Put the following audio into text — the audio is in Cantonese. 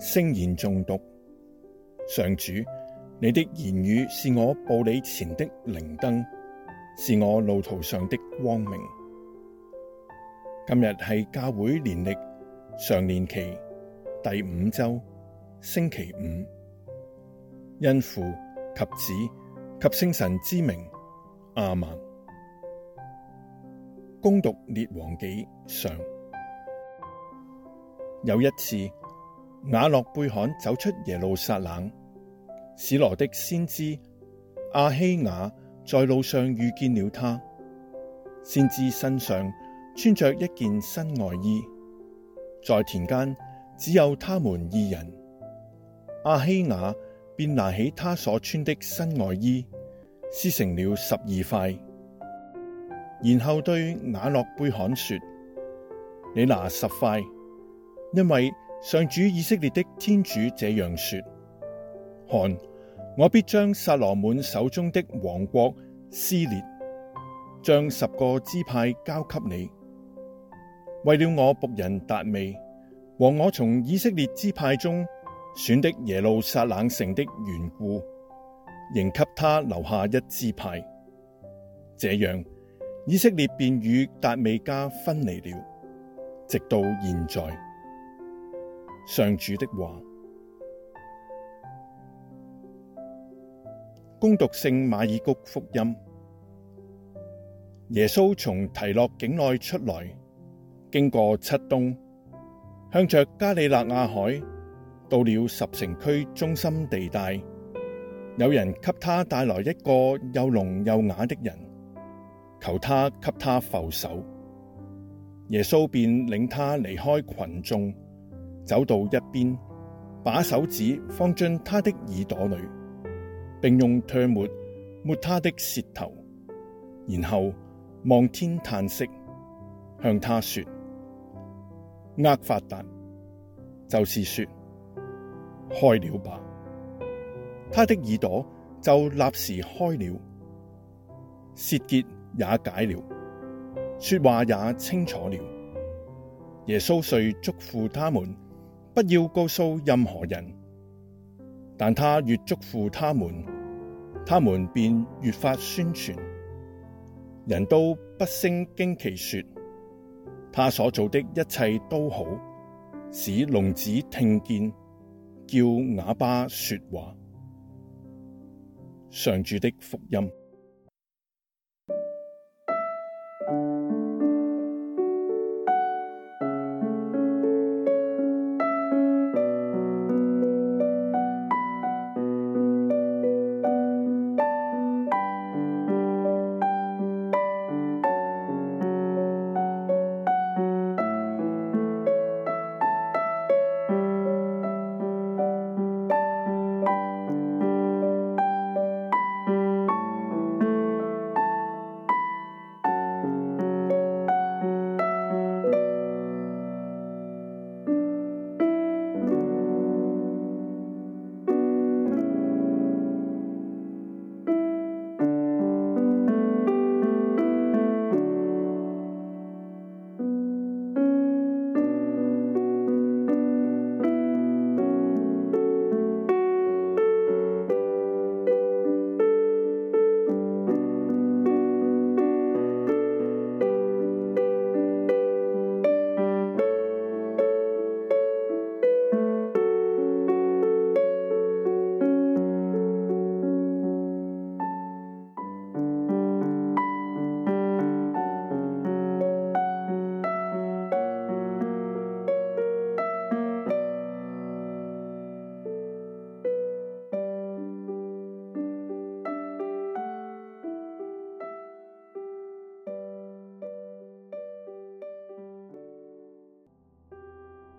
聖言誦讀，上主，你的言語是我步履前的靈燈，是我路途上的光明。今日係教會年曆上常年期第五周星期五，因父及子及聖神之名，阿門。恭讀《列王紀》上，有一次。雅洛貝罕走出耶路撒冷，史羅的先知阿希雅在路上遇見了他，先知身上穿着一件新外衣，在田間只有他們二人。阿希雅便拿起他所穿的新外衣，撕成了十二塊，然後對雅洛貝罕說：你拿十塊，因為。上主以色列的天主這樣說：看，我必將撒羅滿手中的王國撕裂，將十個支派交給你。為了我僕人達味，和我從以色列支派中選的耶路撒冷城的緣故，仍給他留下一支派。這樣，以色列便與達味家分離了，直到現在。上主的話。恭讀聖馬爾谷福音，耶穌從提洛境內出來，經過漆冬，向著加里肋亞海，到了十城區中心地帶，有人給他帶來一個又聾又啞的人，求他給他覆手。耶穌便領他離開群眾。走到一邊，把手指放進他的耳朵裏，並用唾沫抹，抹他的舌頭，然後望天嘆息，向他說：厄法達，就是說開了吧。他的耳朵就立時開了，舌結也解了，說話也清楚了。耶穌遂囑咐他們。不要告訴任何人，但他越囑咐他們，他們便越發宣傳。人都不勝驚奇說，他所做的一切都好，使聾子聽見，叫啞巴說話。上主的福音。